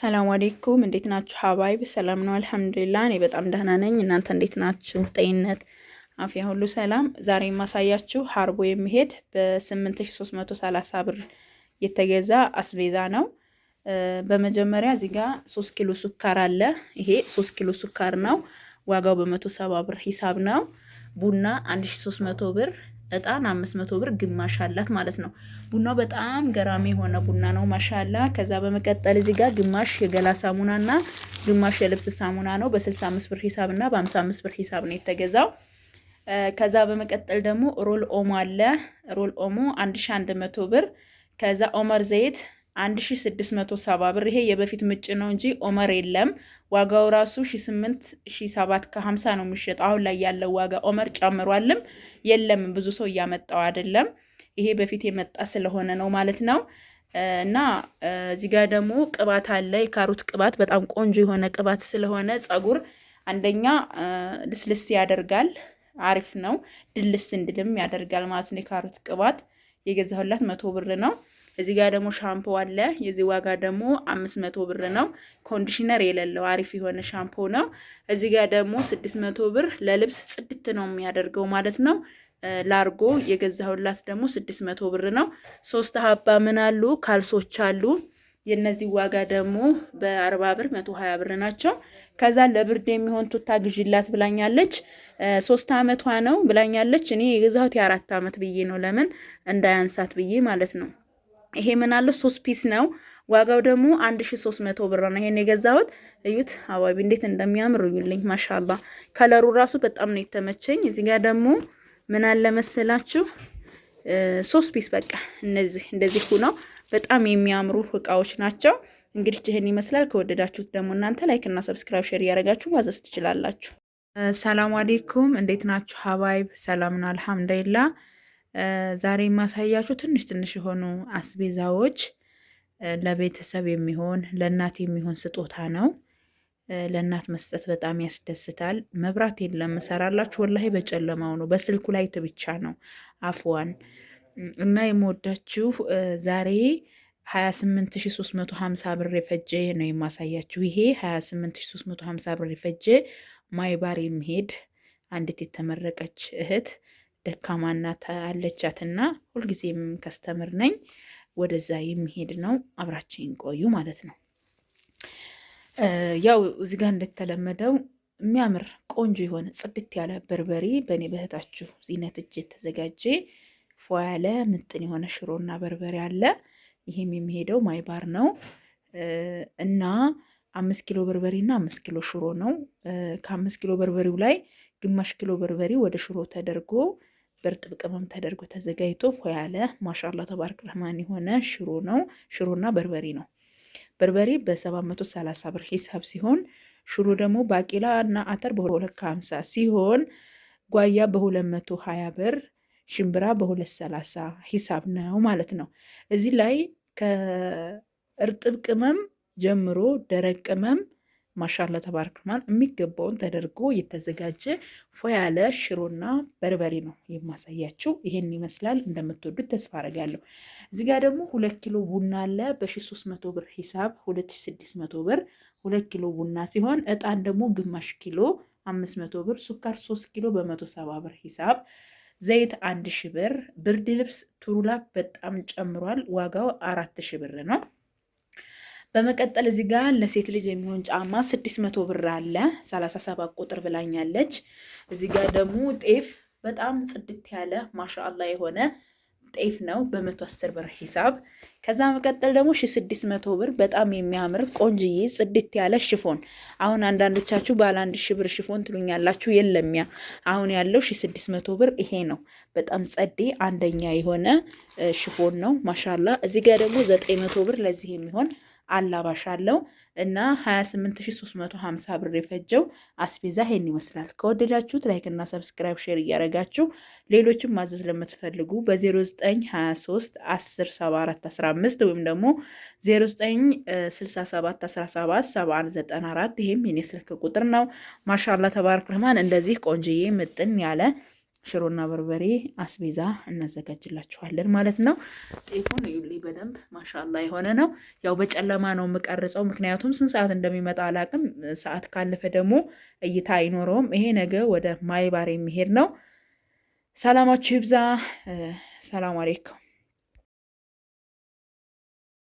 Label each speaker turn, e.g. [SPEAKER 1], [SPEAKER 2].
[SPEAKER 1] ሰላም አሌይኩም እንዴት ናችሁ? ሀባይብ ሰላም ነው። አልሐምዱሊላ እኔ በጣም ደህና ነኝ። እናንተ እንዴት ናችሁ? ጤንነት አፍያ ሁሉ ሰላም። ዛሬ የማሳያችሁ ሀርቦ የሚሄድ በ8330 ብር የተገዛ አስቤዛ ነው። በመጀመሪያ እዚህ ጋ ሶስት ኪሎ ሱካር አለ። ይሄ ሶስት ኪሎ ሱካር ነው። ዋጋው በመቶ ሰባ ብር ሂሳብ ነው። ቡና 1300 ብር እጣን አምስት ብር ግማሽ አላት ማለት ነው። ቡናው በጣም ገራሚ የሆነ ቡና ነው ማሻላ። ከዛ በመቀጠል እዚህ ጋር ግማሽ የገላ ሳሙናና ግማሽ የልብስ ሳሙና ነው በ65 ብር ሂሳብ እና በ55 ብር ሂሳብ ነው የተገዛው። ከዛ በመቀጠል ደግሞ ሮል ኦሞ አለ። ሮል ኦሞ 1100 ብር። ከዛ ኦመር ዘይት 1670 ብር። ይሄ የበፊት ምጭ ነው እንጂ ኦመር የለም። ዋጋው ራሱ 8 750 ነው የሚሸጠው አሁን ላይ ያለው ዋጋ። ኦመር ጨምሯልም የለም፣ ብዙ ሰው እያመጣው አይደለም። ይሄ በፊት የመጣ ስለሆነ ነው ማለት ነው። እና እዚህ ጋር ደግሞ ቅባት አለ። የካሮት ቅባት በጣም ቆንጆ የሆነ ቅባት ስለሆነ ጸጉር አንደኛ ልስልስ ያደርጋል፣ አሪፍ ነው። ድልስ እንድልም ያደርጋል ማለት ነው። የካሮት ቅባት የገዛሁላት መቶ ብር ነው። እዚህ ጋር ደግሞ ሻምፖ አለ። የዚህ ዋጋ ደግሞ አምስት መቶ ብር ነው። ኮንዲሽነር የሌለው አሪፍ የሆነ ሻምፖ ነው። እዚህ ጋር ደግሞ ስድስት መቶ ብር ለልብስ ጽድት ነው የሚያደርገው ማለት ነው። ላርጎ የገዛሁላት ደግሞ ስድስት መቶ ብር ነው። ሶስት ሀባ ምን አሉ ካልሶች አሉ። የነዚህ ዋጋ ደግሞ በአርባ ብር መቶ ሀያ ብር ናቸው። ከዛ ለብርድ የሚሆን ቱታ ግዥላት ብላኛለች። ሶስት አመቷ ነው ብላኛለች። እኔ የገዛሁት የአራት አመት ብዬ ነው ለምን እንዳያንሳት ብዬ ማለት ነው። ይሄ ምን አለው ሶስት ፒስ ነው። ዋጋው ደግሞ 1300 ብር ነው። ይሄን የገዛሁት እዩት፣ አዋቢ እንዴት እንደሚያምር እዩልኝ። ማሻአላ ከለሩ ራሱ በጣም ነው የተመቸኝ። እዚህ ጋር ደግሞ ምን አለ መሰላችሁ ሶስት ፒስ በቃ እነዚህ እንደዚህ ሆነው በጣም የሚያምሩ እቃዎች ናቸው። እንግዲህ ይህን ይመስላል። ከወደዳችሁት ደግሞ እናንተ ላይክ እና ሰብስክራይብ ሼር እያደረጋችሁ ማዘዝ ትችላላችሁ። ሰላም አሌይኩም፣ እንዴት ናችሁ ሀባይብ? ሰላምና አልሐምዱሊላህ። ዛሬ የማሳያችሁ ትንሽ ትንሽ የሆኑ አስቤዛዎች ለቤተሰብ የሚሆን ለእናት የሚሆን ስጦታ ነው። ለእናት መስጠት በጣም ያስደስታል። መብራት የለም እሰራላችሁ፣ ወላሂ በጨለማው ነው፣ በስልኩ ላይ ብቻ ነው። አፍዋን እና የምወዳችሁ ዛሬ 28350 ብር የፈጀ ነው የማሳያችሁ። ይሄ 28350 ብር የፈጀ ማይባር የሚሄድ አንዲት የተመረቀች እህት ደካማ እናት አለቻትና ሁልጊዜም ከስተምር ነኝ ወደዛ የሚሄድ ነው። አብራችን ቆዩ ማለት ነው። ያው እዚህ ጋር እንደተለመደው የሚያምር ቆንጆ የሆነ ጽድት ያለ በርበሬ በእኔ በእህታችሁ ዚነት እጅ የተዘጋጀ ፏ ያለ ምጥን የሆነ ሽሮና በርበሬ አለ። ይህም የሚሄደው ማይባር ነው እና አምስት ኪሎ በርበሬ እና አምስት ኪሎ ሽሮ ነው። ከአምስት ኪሎ በርበሬው ላይ ግማሽ ኪሎ በርበሬ ወደ ሽሮ ተደርጎ በእርጥብ ቅመም ተደርጎ ተዘጋጅቶ ፎ ያለ ማሻላ ተባርክ ረህማን የሆነ ሽሮ ነው። ሽሮና በርበሬ ነው። በርበሬ በ730 ብር ሂሳብ ሲሆን ሽሮ ደግሞ ባቄላ እና አተር በ250 ሲሆን ጓያ በ220 ብር ሽምብራ በ230 ሂሳብ ነው ማለት ነው። እዚህ ላይ ከእርጥብ ቅመም ጀምሮ ደረቅ ቅመም ማሻላ ተባርክማን የሚገባውን ተደርጎ የተዘጋጀ ፎ ያለ ሽሮና በርበሬ ነው የማሳያችው። ይሄን ይመስላል። እንደምትወዱት ተስፋ አረጋለሁ። እዚህ ጋር ደግሞ ሁለት ኪሎ ቡና አለ በ1300 ብር ሂሳብ 2600 ብር ሁለት ኪሎ ቡና ሲሆን እጣን ደግሞ ግማሽ ኪሎ 500 ብር፣ ሱካር 3 ኪሎ በ170 ብር ሂሳብ ዘይት አንድ ሺ ብር። ብርድ ልብስ ቱሩላ በጣም ጨምሯል። ዋጋው አራት ሺ ብር ነው። በመቀጠል እዚህ ጋር ለሴት ልጅ የሚሆን ጫማ 600 ብር አለ። 37 ቁጥር ብላኛለች። እዚህ ጋር ደግሞ ጤፍ በጣም ጽድት ያለ ማሻአላ የሆነ ጤፍ ነው በ110 ብር ሂሳብ። ከዛ መቀጠል ደግሞ መቶ ብር በጣም የሚያምር ቆንጅዬ ጽድት ያለ ሽፎን። አሁን አንዳንዶቻችሁ ባለ 1000 ብር ሽፎን ትሉኛላችሁ። የለሚያ አሁን ያለው 1600 ብር ይሄ ነው። በጣም ጸዴ አንደኛ የሆነ ሽፎን ነው ማሻላ። እዚህ ጋር ደግሞ 900 ብር ለዚህ የሚሆን አላባሽ አለው እና 28350 ብር የፈጀው አስቤዛ ይሄን ይመስላል። ከወደዳችሁት ላይክ እና ሰብስክራይብ ሼር እያደረጋችሁ ሌሎችም ማዘዝ ለምትፈልጉ በ0923 107415 ወይም ደግሞ 0967177194 ይሄም የኔ ስልክ ቁጥር ነው። ማሻላ ተባረክ ረህማን። እንደዚህ ቆንጅዬ ምጥን ያለ ሽሮና በርበሬ አስቤዛ እናዘጋጅላችኋለን ማለት ነው። ጤፉን እዩልኝ በደንብ ማሻላ የሆነ ነው። ያው በጨለማ ነው የምቀርጸው፣ ምክንያቱም ስንት ሰዓት እንደሚመጣ አላቅም። ሰዓት ካለፈ ደግሞ እይታ አይኖረውም። ይሄ ነገ ወደ ማይባር የሚሄድ ነው። ሰላማችሁ ይብዛ። ሰላም አሌይኩም